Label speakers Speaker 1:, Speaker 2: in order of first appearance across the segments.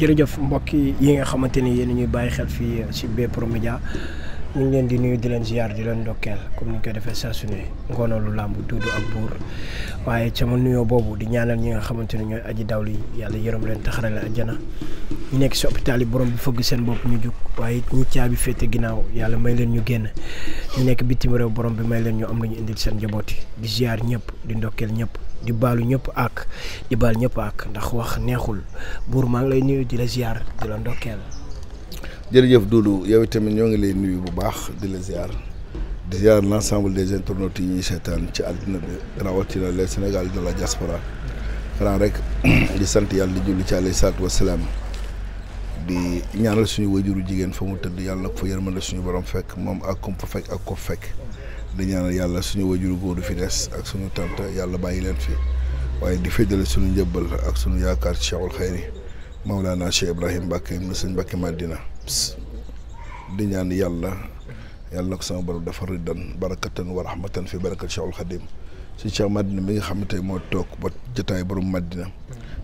Speaker 1: jërëjëf mbokk yi nga xamante ni yéen ñuy bàyyi xel fii ci Bprod Media ñu leen di nuyu di leen ziar di leen ndokkeel comme ni ñu koy defee saa su ne ngoonalu làmb duudu ak buur waaye ca ma nuyoo boobu di ñaanal ñi nga xamante ne ñooy aji dawli yàlla yërëm leen taxarale àjjana ñu nekk ci hôpital yi borom bi fëgg seen bopp ñu jug waaye ñi caabi féete ginnaaw yàlla may leen ñu génn ñu nekk bitim réew borom bi may leen ñu am nañu ñu indil seen njaboot yi di ziar ñëpp di ndokkeel ñëpp. di baalu ñëpp àkk di ñëpp àkk ndax wax neexul buur maa ngi lay nuyu di la ziar di la ndokkeel.
Speaker 2: jërëjëf Doudou yow tamit ñoo ngi lay nuyu bu baax di la ziar di ziar l' ensemble des internautes yi ñuy seetaan ci àddina bi rawatina les Sénégal de la diaspora xanaa rek di sant yàlla di julli ci alayhi salaatu wasalaam di ñaanal suñu wajuru jigéen fa mu tëdd yàlla na ko fa yërmande suñu borom fekk moom ak kom fa fekk ak ko fekk. di yàlla suñu wajuru góor du fi des ak suñu tante yàlla bàyyi leen fi waaye di féddale suñu njëbbal ak suñu yaakaar ci Cheikhul Xayri Mawlana Cheikh Ibrahim Mbacke ibn sëñ Mbacke di ñaan yàlla yàlla na ko sama borom dafa riddan barakatan wa rahmatan fi barakat Cheikhul Xadim si Cheikh Madina mi nga xam ne tey moo toog ba jotaay borom Madina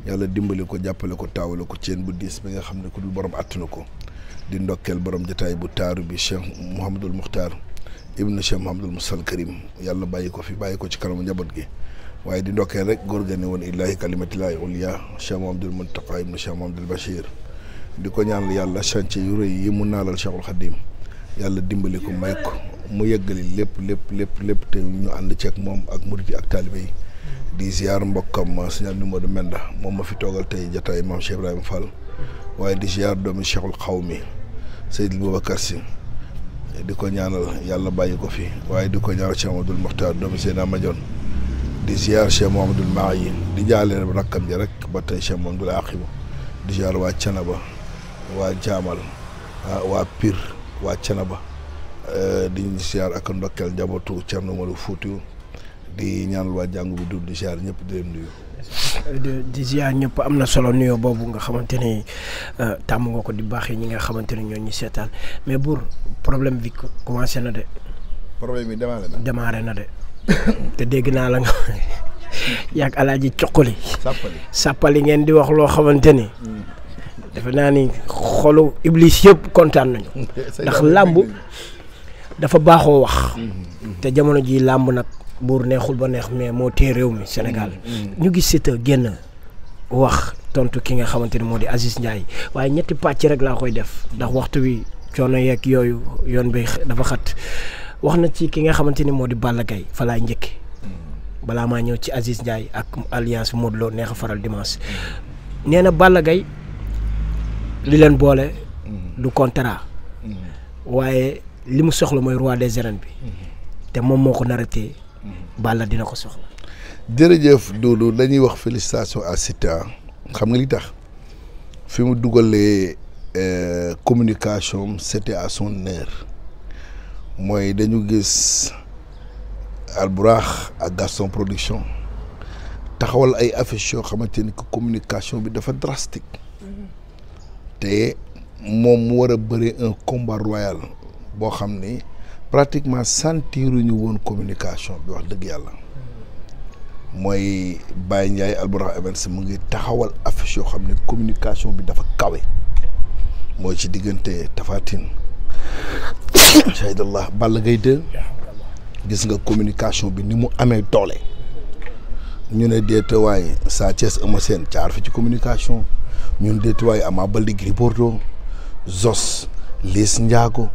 Speaker 2: yàlla dimbali ko jàppale ko taawale ko ceen bu diis bi nga xam ne ku dul borom attanu ko di ndokkeel borom jataay bu taaru bi Cheikh Mouhamadul Muxtaar ibnu Cheikh Mahamadul Musal Karim yàlla bàyyi ko fi bàyyi ko ci kanamu njaboot gi waaye di ndokkee rek góor ga ne woon illaahi kalimatillahi uliya Cheikh Mahamadul Muntaqa ibnu Cheikh Mahamadul Bachir di ko ñaanal yàlla chantier yu rëy yi mu naalal Cheikhul Khadim yàlla dimbali ko may ko mu yeggali lépp lépp lépp lépp te ñu ànd cek moom ak murit yi ak taalibe yi di ziar mbokkam ah, sëñ Abdou Modou Menda moom ma fi toogal tey jotaay maam Cheikh Ibrahima Fall waaye di ziar Xaw mi Seydil Boubacar di ko ñaanal yàlla bàyyi ko fi waaye di ko ñaanal Cheikh Mamadou Mokhtar doomu Seydina Madione di ziar Cheikh Mouhamadoul Mahi di jaale rakkam ji rek ba tey Cheikh Mouhamadoul Aqibu di ziar waa Canaba waa Jaamal ah, waa Pire waa Canaba eh, di ziar ak ndokkeel njabootu Thierno Moulou Foutiou di ñaanal waa jàngu bi dund di ziar ñëpp di leen
Speaker 1: di ziar ñëpp am na solo nuyoo boobu nga xamante ne euh, tàmm nga ko di baax yi ñi nga xamante ne ñoo ñu seetaan mais buur problème bi commencé na de. problème bi démarré na na de te dégg naa la nga yàgg alaaji coqali. sàppali sàppali ngeen di wax loo xamante ni. Mm. defe naa ni xolu iblis yëpp kontaan nañu. ndax làmb dafa baaxoo wax. Mm-hmm. te jamono ji làmb nag. buur neexul ba neex mais moo téye réew mi Sénégal mm-hmm. ñu gis Siteu génn wax tontu ki nga xamante ni moo di Aziz Ndiaye waaye ñetti pàcc rek laa koy def ndax waxtu wi coono yeeg yooyu yoon bi dafa xat wax na ci ki nga xamante ni moo di Balla gay fa laay njëkk mm-hmm. balaa maa ñëw ci Aziz Ndiaye ak alliance Modou Lo neex a faral dimanche nee na Balla Gaye li leen boole mm-hmm. du contrat waaye li mu soxla mooy roi des arènes bi te moom moo ko nar a téye Balla dina ko soxla.
Speaker 2: jërëjëf Doudou dañuy wax félicitation à Siteu xam nga li tax fi mu dugalee euh, communication c'était à son heure mooy dañu gis Alburax ak Gaston production taxawal ay affiches yoo xamante ni que communication bi dafa drastique mm-hmm. te moom mu war a bëri un combat royal boo xam ni. pratiquement sentiruñu woon communication bi wax dëgg yàlla mooy bàyyi Ndiaye Albourakh Events mu ngi taxawal affiche yoo xam ne communication bi dafa kawe mooy ci diggante Tafatine Shahidallah Balla Gaye 2 gis nga communication bi ni mu amee doole ñu ne deetewaay Sa Thiès Eumeu Sène caar fi ci communication ñun deetewaay Ama ba Gris Bordeaux Zos Liss Ndiago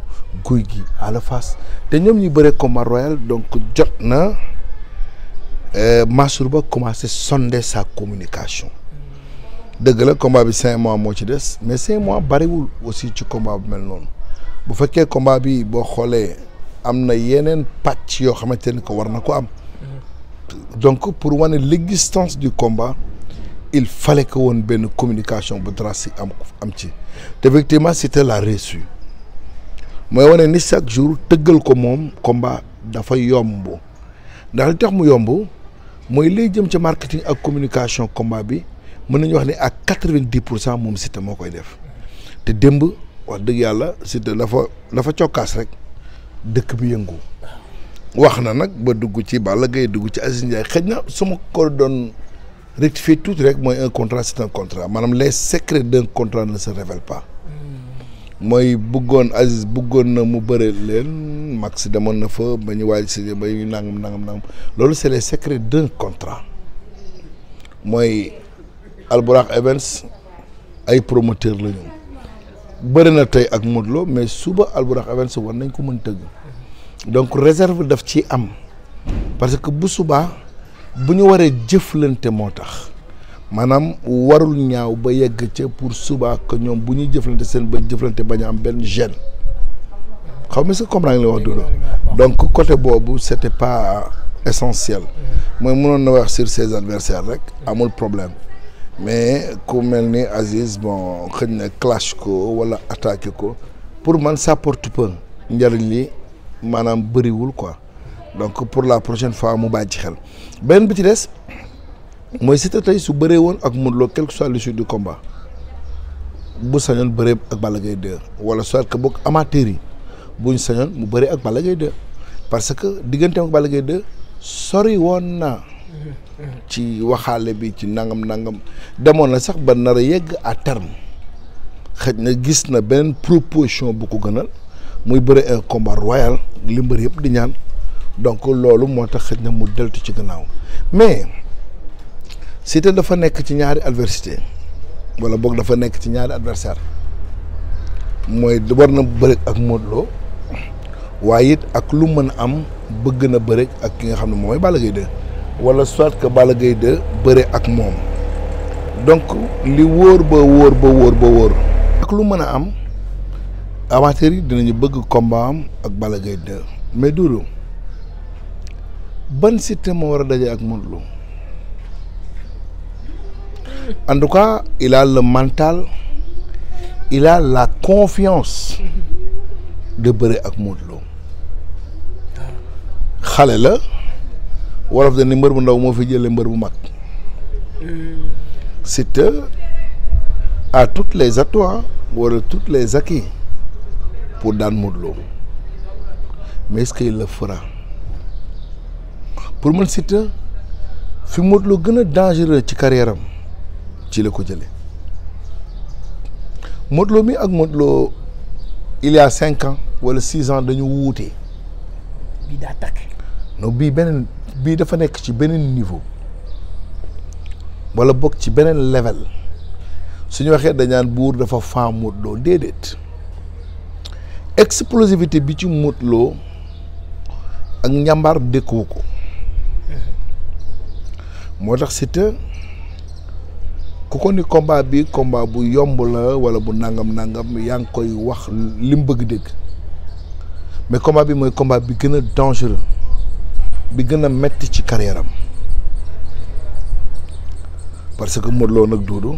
Speaker 2: guy gi Ada Fass te ñoom ñu bëre combat royal donc jot na euh, Mansour Ba commencé sonder sa communication dëgg la combat bi cinq mois moo ci des mais cinq mois bariwul aussi ci combat bu mel noonu bu fekkee combat bi boo xoolee am na yeneen pàcc yoo xamante ni ko war na ko am donc pour wane l'existence du combat il fale que woon benn communication bu drastique am am ci te effectivement c'était la réussite mooy wane ni chaque jour tëggal ko moom combat dafa yomb ndax li tax mu yomb mooy liy jëm ci marketing ak communication combat bi mën nañu wax ni ak quatre-vingt-dix pour cent moom Siteu moo koy def te démb wax dëgg yàlla Siteu dafa dafa cokkaas rek dëkk bi yëngu wax na nag ba dugg ci Balla Gaye dugg ci Aziz Ndiaye xëj na su ma ko doon rectifier tuuti rek mooy un contrat c'est un contrat maanaam les secrets d'un contrat ne se révèlent pas mooy buggoon Aziz buggoon na mu bëre leen Max demoon na fa ba ñu waaj si ba ñu nangam nangam nangam loolu c'est les secrets d'un contrat mooy Albourakh Events ay promoteur la ñu bëri na tey ak Modou mais suba Albourakh Events war nañ ko mën tëgg donc réserve daf ci am parce que bu subaa bu ñu waree jëflante moo tax maanaam warul ñaaw ba yegg ca pour suba que ñoom bu ñuy jëflante seen ba jëflante bañ a benn gêne xaw ma sa comprendre li wax Dodo donc côté boobu c'était pas essentiel mooy mënoon na wax sur ses adversaires rek amul problème mais ku mel ni Aziz bon xëñ na clash ko wala attaqué ko pour man ça porte peu njëriñ li maanaam bëriwul quoi donc pour la prochaine fois mu bàyyi ci xel benn bi ci des. mooy Siteu tey su bëree woon ak Modou Lo quel que soit l'issue du combat bu sañoon bëree ak Balla Gaye 2 wala soit que boog amateur yi buñ sañoon mu bëree ak Balla Gaye parce que digganteem ak Balla Gaye sori woon naa ci waxaale bi ci nangam nangam demoon na sax ba nara a yegg à terme xëj na gis na beneen proposition bu ko gënal muy bëri un combat royal li yëpp di ñaan donc loolu moo tax xëj na mu deltu ci gannaaw mais. Cité dafa nekk ci ñaari adversité wala boog dafa nekk ci ñaari adversaire mooy war na bëre ak Modou waaye it ak lu mën a am bëgg na bëre ak ki nga xam ne mooy Balla Gaye 2 wala soit que Balla Gaye 2 bëre ak moom donc li wóor ba wóor ba wóor ba wóor ak lu mën a am amateurs yi dinañu bëgg combat ak Balla gay 2 mais Doudou ban Siteu moo war a dajee ak Modou en tout cas il a le la confiance de bëre ak Modou xale la wolof da ni mbër bu ndaw moo fi jëlee mbër bu mag hmm. Siteu a toutes les atois wala toutes les acquis pour daan Modou Lo mais est-ce qu'il le fera pour man Siteu fi Modou gën a dangereux ci carrière ci la ko jëlee motlo Lo mi ak motlo Lo il y cinq ans wala six ans dañu wuute. bii bii beneen bii dafa nekk ci beneen niveau walla bokk ci beneen level suñu waxee dañaan buur dafa faa Modou Lo déedéet explosivité bi ci Modou ak njàmbaar dëkkuwu ko mhm. moo tax c'est ku ko ni combat bi combat bu yomb la wala bu nangam nangam yaa ngi koy wax li bëgg dégg mais combat bi mooy combat bi gën a dangereux bi gën a metti ci carrière parce que Modou Lo nag Doudou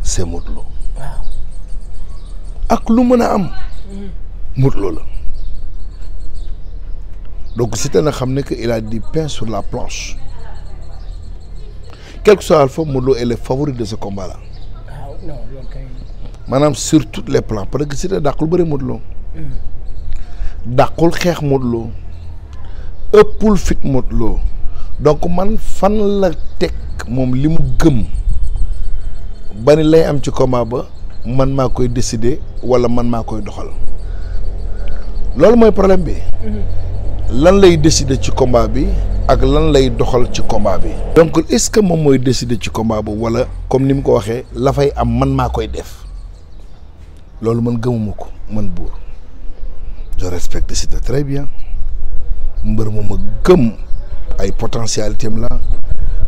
Speaker 2: c'est Modou Lo ak lu mën a am mm-hmm. Modou Lo la donc te na xam ne que il a du pain sur la planche quel que soit Alpha Modou Lo est le favori de ce combat là. waaw non loolu maanaam sur les plans parce que Siteu dàqul bëri Modou dàqul xeex Modou Lo. ëppul fit Modou donc man fan la teg moom li mu gëm bari lay am ci combat ba man maa koy décider walla man maa koy doxal loolu mooy problème bi mhm. lan lay décider ci combat bi ak lan lay doxal ci combat bi. donc est-ce que moom mooy décider ci combat boobu wala comme ni mu ko waxee la fay am man maa koy def loolu mën gëmuma ko man buur je respecte bien mbër mu ma gëm ay potentialité am la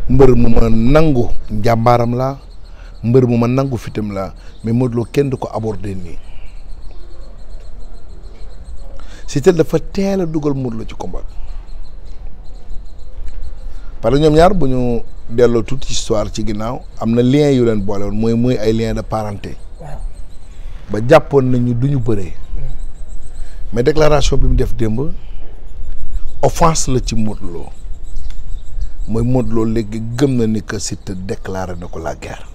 Speaker 2: mbër mu ma nangu njàmbaaram la mbër mu ma nangu fitam la mais Modou Lo kenn du ko aborder nii Siteu dafa teel a dugal Modou Lo ci combat parce que ñoom ñaar bu ñu delloo toute histoire ci ginnaaw am na lien yu leen boole mooy mooy ay lien de parenté ba jàppoon nañu du ñu bëree hmm. mais déclaration bi mu def démb offense la ci Modou mooy Modou Lo léegi gëm na ni que Siteu déclaré na ko la guerre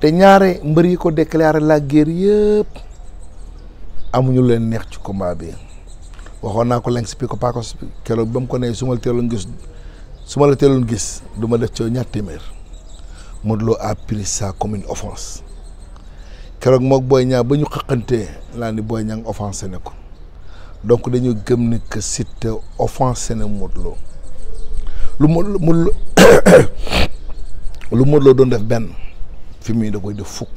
Speaker 2: te ñaare mbër yi ko déclarer la guerre yëpp amuñu leen neex ci combat bi waxoon naa ko lengs bi ko paakos bi keroog ba mu ko nee su ma la teeloon gis su la teeloon gis du def ci ñaar téeméer Modou Lo a pris ça comme une keroog moog booy ñaar ba ñu xëqantee laa ni booy Niang offensé ne ko donc dañu gëm ni que Siteu offensé na Modou Lo lu Modou Lo lu Modou Lo doon def benn fi mu da koy def fukk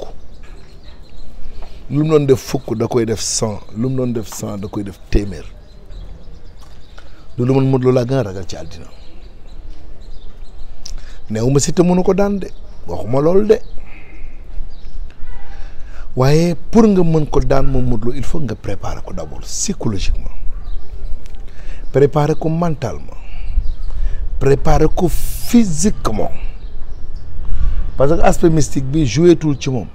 Speaker 2: lu mu doon def fukk da koy def cent lu mu doon def cent da koy def téeméer du lu man Modou Lo laa gën a ragal ci àddina néew ma Siteu mënu ko daan de waxuma loolu de waaye pour nga mën ko daan moom Modou Lo il faut nga préparer ko d'abord psychologiquement préparer ko mentalement préparer ko physiquement parce que aspect mystique bi jouetul ci moom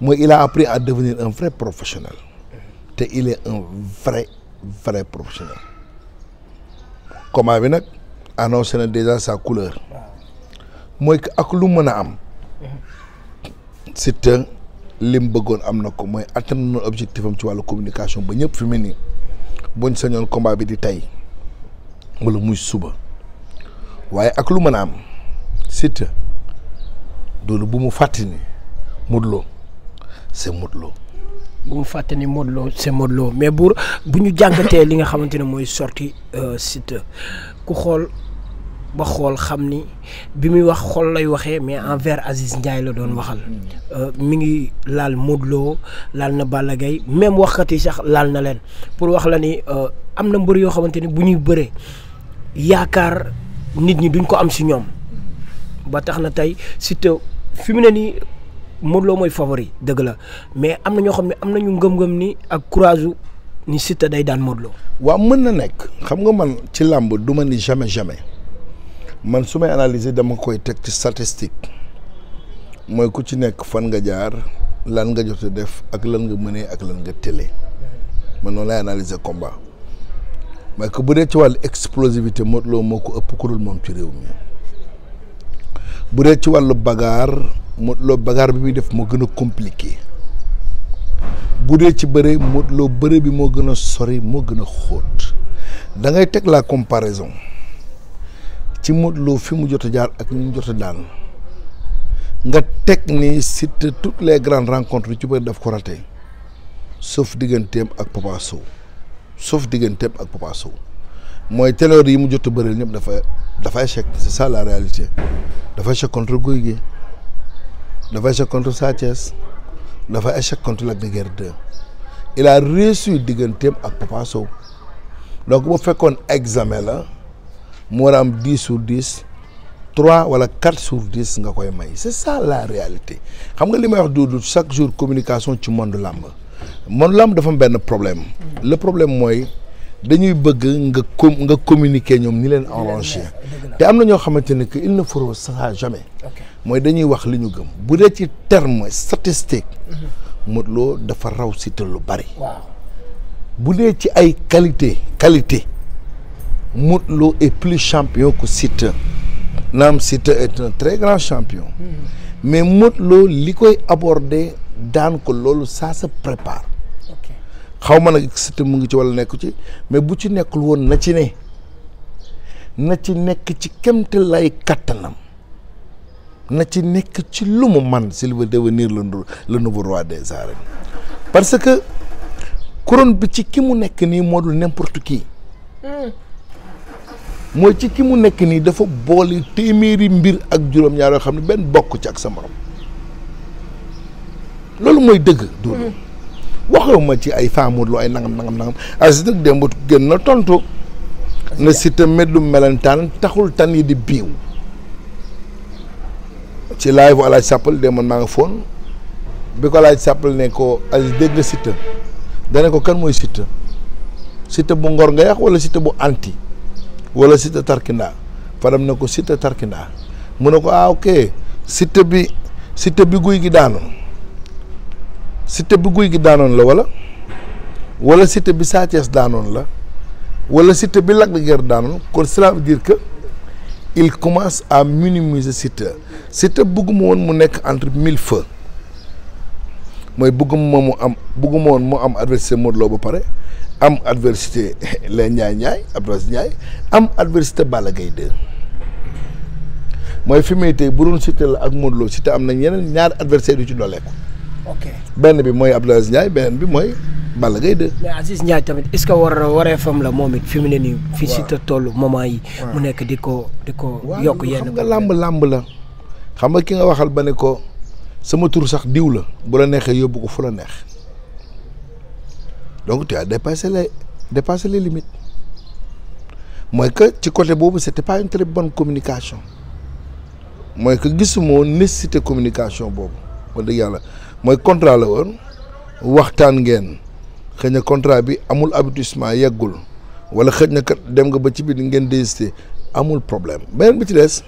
Speaker 2: mooy il a appris à devenir un vrai professionnel mm-hmm. te il est un vrai vrai professionnel combat bi nag annoncé na déjà sa couleur mooy que ak lu mën a am Siteu lim bëggoon am na ko mooy atteindre na objectif am ci wàllu communication ba ñëpp fi mu ne nii buñ sañoon combat bi di tey wala muy suba waaye ak lu mën a am Siteu doolu bu mu fàttali ni Modou Lo c'est Modou Lo bu mu fàtte ni Modou
Speaker 1: Lo mais buur bu ñu jàngatee li nga xamante ne mooy sorti euh, Siteu ku xool ba xool xam ni bi muy wax xool lay waxee mais envers Aziz Ndiaye la doon waxal euh, mi ngi laal Modou laal na Balla Gaye même waxkat yi sax laal na leen pour wax la ni euh, am na mbër yoo xamante ni bu ñuy bëree yaakaar nit ñi duñ ko am si ñoom ba tax na tey Siteu fi mu ne nii Modou mooy favori dëgg la mais am na ñoo xam ne am nañu ngëm-ngëm nii ak courage
Speaker 2: ni Siteu day daan Modou Lo. mën na nekk xam nga man ci làmb du ma ni jamais jamais man su may analyser dama koy teg ci statistique mooy ku ci nekk fan nga jaar lan nga jot a def ak lan nga mënee ak lan nga télé man noonu lay analyser combat mais que bu dee ci wàllu explosivité Modou moo ko ëpp ku moom ci réew mi bu dee ci wàllu bagaar. Modou Lo bagaar bi muy def moo gën a compliqué bu dee ci bëre Modou Lo bëre bi moo gën a sori moo gën a xóot da ngay teg la comparaison ci Modou Lo fi mu jot jaar ak ñu jot daal nga teg ni Siteu toutes les grandes rencontres ci bëri daf ko raté sauf digganteem ak Papa Sow sauf digganteem ak popaso Sow mooy ténor yi mu jot bëri bëreel ñëpp dafa dafa échec c'est ça la réalité dafay échec contre Gouye Gui dafa échec contre Sa Thiès dafa échec contre Lac de Guiers 2 il a réussi ak Papa Sow donc bu fekkoon examen la mu war a am sur dix trois wala quatre sur dix nga koy may c'est ça la réalité xam nga li may wax Doudou chaque jour communication ci monde làmb monde làmb dafa am benn problème. la problème mooy dañuy bëgg nga com nga communiquer ñoom ni leen arranger. te am na ñoo xamante ne que il ne fera ça jamais. mooy dañuy wax li ñu gëm bu dee ci terme statistique mhm. Modou Lo dafa raw Siteu lu bari bu dee ci ay qualité qualité Modou Lo plus champion ko Siteu naam Siteu est un grand champion mhm. mais Modou Lo li koy aborder daan ko loolu ça se prépare xaw ma nag Siteu mu ngi ci walla nekku ci mais bu ci nekkul woon na ci ne na ci nekk ci kemte lay kàttanam na ci nekk ci lu mu man s'il veut devenir le le nouveau roi des arènes parce que couronne bi ci ki mu nekk nii moo dul n'importe mooy ci ki mu nekk nii dafa boole téeméeri mbir ak juróom-ñaar yoo xam ne benn bokk ci ak sa morom loolu mooy dëgg dul mm-hmm. waxuma ci ay faamuloo ay nangam nangam nangam asi dëgg démb gën na tontu na si ta medlu melentaan taxul tan yi di biiw ci live bu Alaaji Sàppal de mën maa nga foon bi ko Alaaji Sàppal ne ko Aziz dégg nga Siteu dane ko kan mooy Siteu Siteu bu ngor nga yàq wala Siteu bu anti wala Siteu tarkindaa Fadam ne ko Siteu tarkindaa mu ne ko ah ok Siteu bi Siteu bi guy gi daanoon Siteu bi guy gi daanoon la wala wala Siteu bi Sa Thiès daanoon la wala Siteu bi Lac de Guiers daanoon kon cela veut dire il commence à minimiser Siteu Siteu bëgguma woon mu nekk entre mille feux mooy bëgguma mu am bëgguma woon mu am adversité Modou ba pare am adversité les Ndiaye ñaay Abdoulaye Ndiaye am adversité Balla Gaye 2 mooy fi may tey bu doon Siteu la ak Modou Lo am na ñeneen ñaari adversaire yu ci dooleeku ok benn bi mooy Abdoulaye Aziz Ndiaye beneen bi mooy Balla Gaye 2.
Speaker 1: mais Aziz Ndiaye tamit est-ce que war a waree fam la moom it fi mu ne nii. fi si te toll moment yi. mu nekk
Speaker 2: di ko di ko yokk yenn. xam nga làmb làmb la xam nga ki nga waxal ba ne ko sama tur sax diw la bu neexee yóbbu ko fu la neex donc tu as dépassé les dépassé les limites mooy que ci côté boobu c'était pas une très bon communication mooy que gisuma woon nécessité communication boobu wax dëgg yàlla. mooy contrat la woon waxtaan ngeen xëy na contrat bi amul aboutissement yeggul wala xëj na kat dem nga ba ci biir ngeen désisté amul problème beneen bi ci des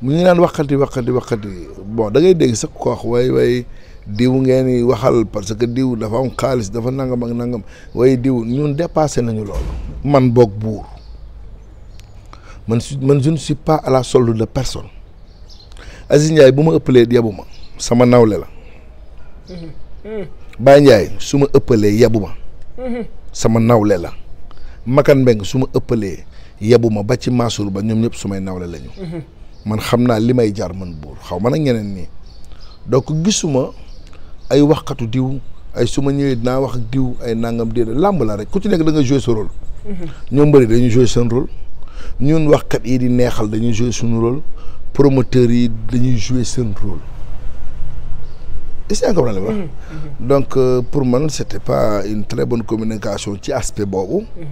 Speaker 2: mu ngi naan waxati waxati waxati bon da ngay dégg sa ko wax way way diw ngeen waxal parce que diw dafa am xaalis dafa nangam ak nangam way diw ñun dépassé nañu loolu. man boog buur man su man je ne suis pas à la solde de personne Aziz Ndiaye bu ma ëppalee yebuma sama nawle la. Baye Ndiaye su ma ëppalee yebu ma sama nawle la Makan Mbeng su ma ëppalee yebu ma ba ci Mansour ba ñoom ñëpp su may nawle lañu man xam naa li may jar man buur xaw ma nag ñeneen nii donc gisuma ay waxkatu diw ay su ma ñëwee dinaa wax ak diw ay nangam déedéet làmb la rek ku ci nekk da nga jouer sa rôle ñoom bëri dañuy jouer seen rôle ñun waxkat yi di neexal dañuy jouer suñu rôle promoteurs yi dañuy jouer seen rôle est-ce mm-hmm. donc euh, pour man c'était pas une très communication ci aspect boobu mm-hmm.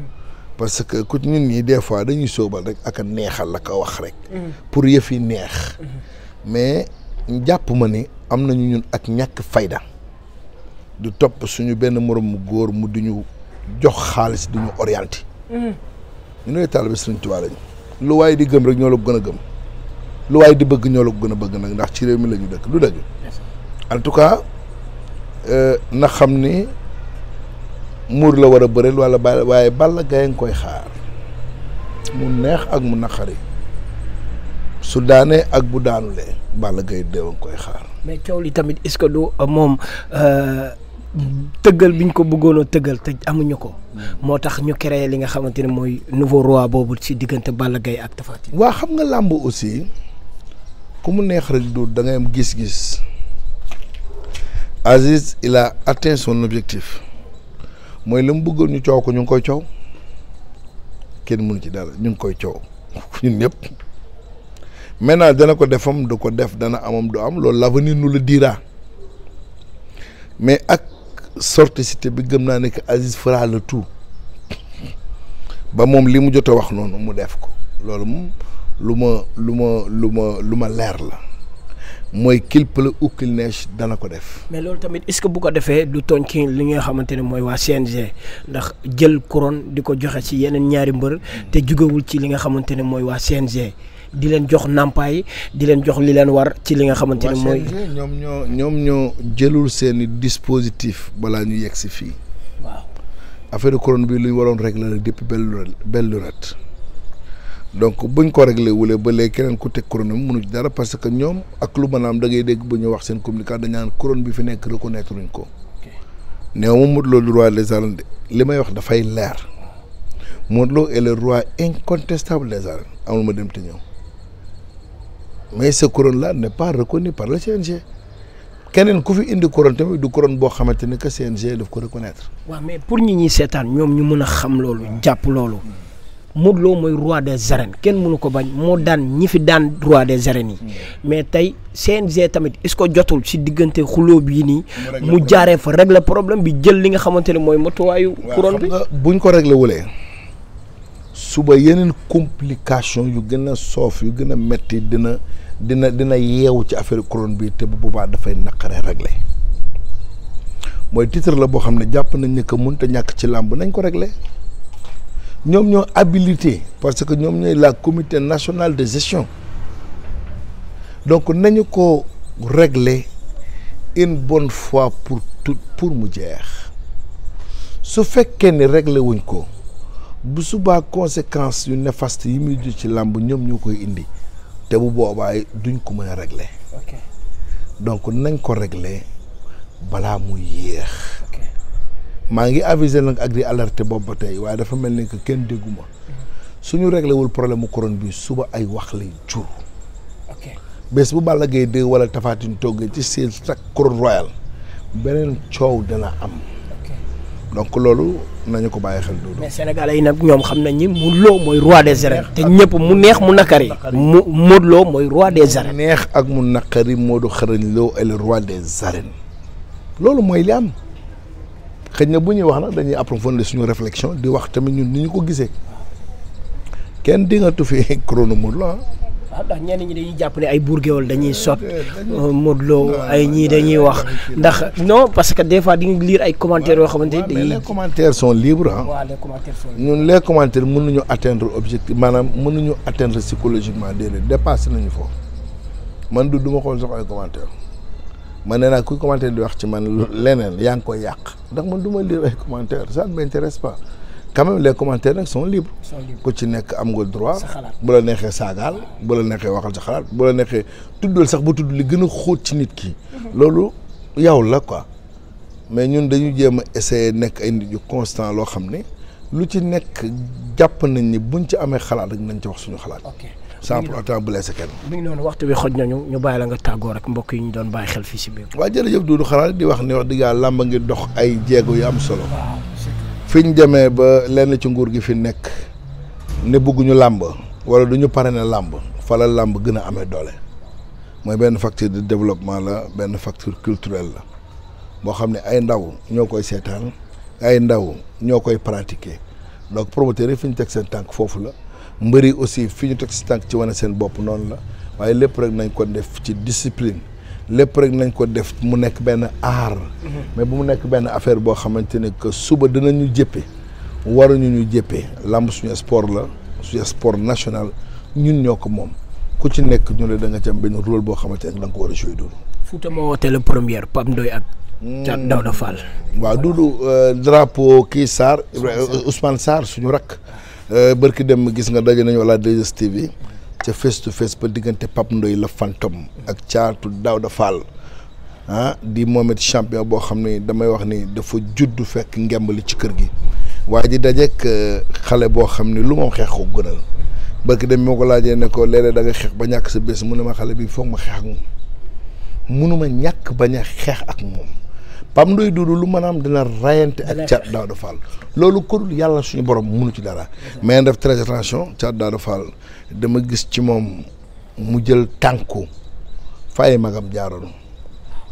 Speaker 2: parce que ku nit ñi des fois dañuy soobal rek ak a neexal la ko wax rek mm-hmm. pour yëf yi neex mais jàpp ma ni am nañu ñun ak ñàkk fayda du topp suñu benn moroom mu góor mu duñu jox xaalis duñu orienté ñu nooy taalibe Sëriñ Tuubaa lañu lu waaye di gëm rek ñoo la gën a gëm lu waaye di bëgg ñoo la gën a bëgg nag ndax ci réew mi la ñu dëkk lu dëgg en tout cas euh, na xam ni muur la war a bëril wala ba waaye Balla gay nga koy xaar mu neex ak mu naqari su daanee ak bu daanulee Balla Gaye deewa nga koy xaar.
Speaker 1: mais coow li tamit est-ce que du euh, moom. Euh, tëggal bi ñu ko bëggoon tëggal te amuñu ko. moo tax ñu créé li nga xamante ne mooy nouveau roi boobu ci diggante Balla Gaye
Speaker 2: ak Tapha Tine. waa xam nga làmb aussi ku mu neex du da ngay am gis-gis. Aziz il a atteint son objectif mooy la mu bëggoon ñu coow ko ñu ngi koy coow kenn mënu ci dal ñu ngi koy coow ñun ñëpp maintenant dana ko defam du ko def dana amam du am loolu l'avenir nous le dira mais ak sorticité bi gëm naa ne que Aziz fera tout ba moom li mu jot a wax noonu mu def ko loolu moom lu ma lu ma lu ma lu ma leer la mooy qu'il pleuve ou qu'il dana ko def.
Speaker 1: mais loolu tamit est-ce que bu ko defee du tooñ ci li nga xamante ne mooy waa CNG ndax jël couronne di ko joxe ci yeneen ñaari mbër te jugawul ci li nga xamante ne mooy waa CNG di leen jox nàmpaay di leen jox li leen war ci li nga xamante ne mooy.
Speaker 2: ñoom ñoo ñoom ñoo jëlul seeni dispositif balaa ñu yegg si fii. waaw affaire couronne bi luy waroon rek depuis belle lurette belle lurette donc buñ ko réglé wulee ba léegi keneen ku teg couronne bi mënu ci dara parce que ñoom ak lu maanaam da ngay dégg bu ñu wax seen communicat dañ naan couronne bi fi nekk reconnaître luñ ko. néew ma Modou Lo le roi des arènes li may wax dafay leer Modou Lo est le roi incontestable des arènes amul ma dem te ñëw mais ce couronne là n'est pas reconnu par le CNG. keneen ku fi indi couronne tamit du couronne boo xamante ni que CNG daf ko reconnaître. waaw mais pour ñi ñuy seetaan ñoom ñu mën a xam loolu jàpp loolu. Modou Lo mooy roi des arènes kenn
Speaker 1: mënu ko bañ moo daan ñi fi daan roi des arènes yi mm. mais tey CNG tamit est-ce jotul si diggante xuloo yi nii mu jaaree fa régler problème bi jël li nga xamante ne mooy matuwaayu
Speaker 2: couronne bi buñ ko régler wulee suba yeneen complication yu gën a soof yu gën a metti dina dina dina yeewu ci affaire couronne bi te bu boobaa dafay naqare régler mooy titre la boo xam ne jàpp nañ ne que mënut a ñàkk ci làmb nañ ko régler ñoom ñoo habilité parce que ñoom ñooy la comité nationale de gestion donc nañu ko régler une bonne fois pour tout pour mu jeex su fekkee ni régler wuñ ko bu subaa conséquences yu néfaste yi muy jur ci làmb ñoom ñoo koy indi te bu boobaa duñ ko mën a régler donc nañ ko régler balaa mu yéex maa ngi aviser nag ak di alerter boobu ba tey waaye dafa mel ni que kenn dégguma suñu réglé wul problème mu couronne bi suba ay wax lay jur. bés bu Balla Gaye 2 wala Tapha Tine toggee ci seen takk couronne beneen coow dana am. donc loolu nañu ko bàyyi xel Doudou. mais
Speaker 1: sénégalais yi nag ñoom xam nañ ñi Modou loo mooy roi des arènes. te ñëpp mu neex mu naqari.
Speaker 2: mu Modou Lo mooy roi des arènes. neex ak mu naqari Modou xarañ Lo est le roi des arènes. loolu mooy li am. xëy na bu ñuy wax nag dañuy approfondir suñu réflexion di wax tamit ñun ni ñu ko gisee kenn di nga tu fi chrono Lo waaw ah, ñenn ñi dañuy jàpp ne ay buurgéwal dañuy sot eh, euh, Modou Lo
Speaker 1: ay ñii dañuy wax ndax non parce que des fois di nga lire ay yoo xamante ni dañuy les
Speaker 2: commentaires sont libres ah waaw les commentaires sont libres ñun les commentaires mënuñu atteindre objectif maanaam mënuñu atteindre psychologiquement déedéet dépassé nañu foofu man du duma xool sax ay commentaires man nee naa kuy commentaire di wax ci man leneen yaa ngi koy yàq ndax ma du ma lire ay commentaire ça ne m'intéresse pas quand même les commentaires nag sont libres ku ci nekk am nga droit bu la neexee saagaal bu la neexee waxal ci xalaat bu la neexee tuddal sax bu tudd li gën a xóot ci nit ki mhm. loolu yow la quoi mais ñun dañu jéem a essayer nekk ay nit yu constant loo xam ne lu ci nekk jàpp nañ ni buñ ci amee xalaat rek nañ ci wax suñu xalaat sans pour autant blesser kenn. mi ngi noonu waxtu bi xoj nañu ñu bàyyi la nga tàggoo rek mbokk yi ñu doon bàyyi xel fii si biir. waaw jërëjëf Doudou xanaa di wax ni wax dëgg yàlla làmb ngi dox ay jéego yu am solo. fi ñu demee ba lenn ci nguur gi fi nekk ne bëgguñu làmb wala du ñu pare ne làmb fa làmb gën a amee doole mooy benn facture de développement la benn facteur culturel la boo xam ne ay ndaw ñoo koy seetaan ay ndaw ñoo koy pratiquer donc promoteurs yi fi ñu teg seen tànk foofu la. mbëri aussi fi ñu teg si tànk ci wane seen bopp noonu la waaye lépp rek nañ ko def ci discipline lépp rek nañ ko def mu nekk benn aar. Mhm. mais bu mu nekk benn affaire boo xamante ne que suba ñu jëppe war ñu ñu jëppee làmb suñu sport la suñu sport national ñun ñoo ko moom ku ci nekk ñu ne da nga ci am boo xamante ni da nga ko war a joué doon.
Speaker 1: Fouta moo woote la première Pape Ndoye ak. Thiat mm. Daouda Fall.
Speaker 2: waaw Doudou euh, drapeau kii Sarr Ousmane Sarr suñu rakk. Euh, bërki dem gis nga daje nañu wala 2STV ca face to face ba diggante Pape ndoy la fantôme ak caatu Daouda Fall ah di moom it champion boo xam ne damay wax ni dafa juddu fekk ngemb li ci kër gi waaye di dajeek euh, xale boo xam ne lu moom xeex ko gënal bërki dem moo ko laajee ne ko léeg-léeg xeex ba ñàkk sa bés mu xale bi foog ma xeex ak moom munuma ñàkk bañ a xeex ak moom pam Ndoye Dodo lu manaam dina rayante ak Thiat Daouda Fall loolu kon yàlla suñu borom munu ci dara mais def très attention Thiat Daouda Fall dama gis ci moom mu jël tànku fay magam jaaroon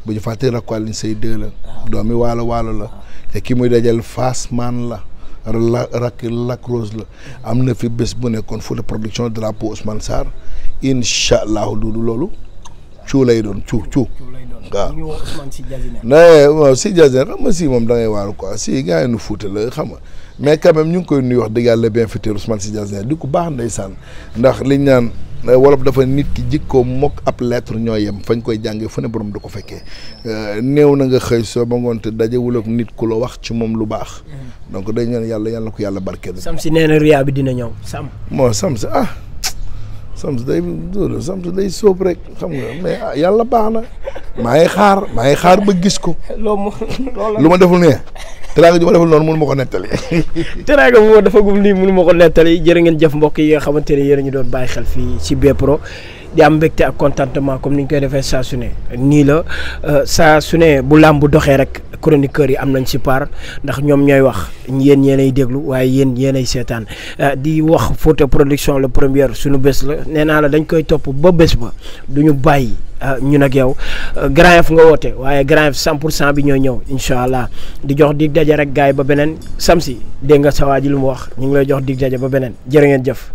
Speaker 2: bu ñu fàttee rakwàlin say deux la ah. doomi waalo waalo la ah. te ki muy dajal Fass man la la rak Lac Rose la am na fi bés bu nekkoon fu de production drapeau Ousmane Sarr incha allahu duudu loolu cuu lay doon cuu cuu waaw ñu ngi wax Ousmane Sy Diaziné. waaw Sy si moom da ngay waaru quoi nu fuute la xam nga mais quand ñu ngi koy nuyu wax dëgg yàlla bienfaiteur Ousmane Sy Diaziné di ko baax ndeysaan ndax liñ naan eh, wolof dafa nit ki jikkoo mokk ab lettre ñoo yem fañ koy jàngee fu ne borom du ko fekkee eh, néew na nga xëy soo ba ngoon te dajewul nit ku la wax ci moom lu baax. Mm-hmm. donc dañ ñaan yàlla yàlla ko yàlla barkeel. Sam si nee na riyaa bi dina ñëw Sam. moo Sam si ah. Sam si day Sam rek xam nga mais ah, yàlla baax na. maa ngi xaar maa ngi xaar ba gis ko.
Speaker 1: lu ma deful ne
Speaker 2: teraanga ju ma deful noonu mënu ma ko nettali.
Speaker 1: teraanga bu ma defagum nii munuma ma ko nettali jërë ngeen jëf mbokk yi nga xamante ne yéen ñu doon bàyyi xel fii si ci Bprod di am mbégte ak contentement comme ni ñu koy defee saa su ne nii la euh, saa su ne bu làmb doxee rek chroniqueurs yi am nañ si part ndax ñoom ñooy wax yéen yéenay déglu waaye yéen yéenay seetaan euh, di wax Fouta Production la première suñu bés la nee naa la dañ koy topp ba bés ba ñu bàyyi euh, ñun ak yow Grand Yoff nga woote waaye Grand Yoff cent bi ñooy incha allah di jox dig daje rek gars yi ba beneen samsi dégg nga sa ji lu mu wax ñu ngi lay jox dig daje ba beneen jërë ngeen jëf.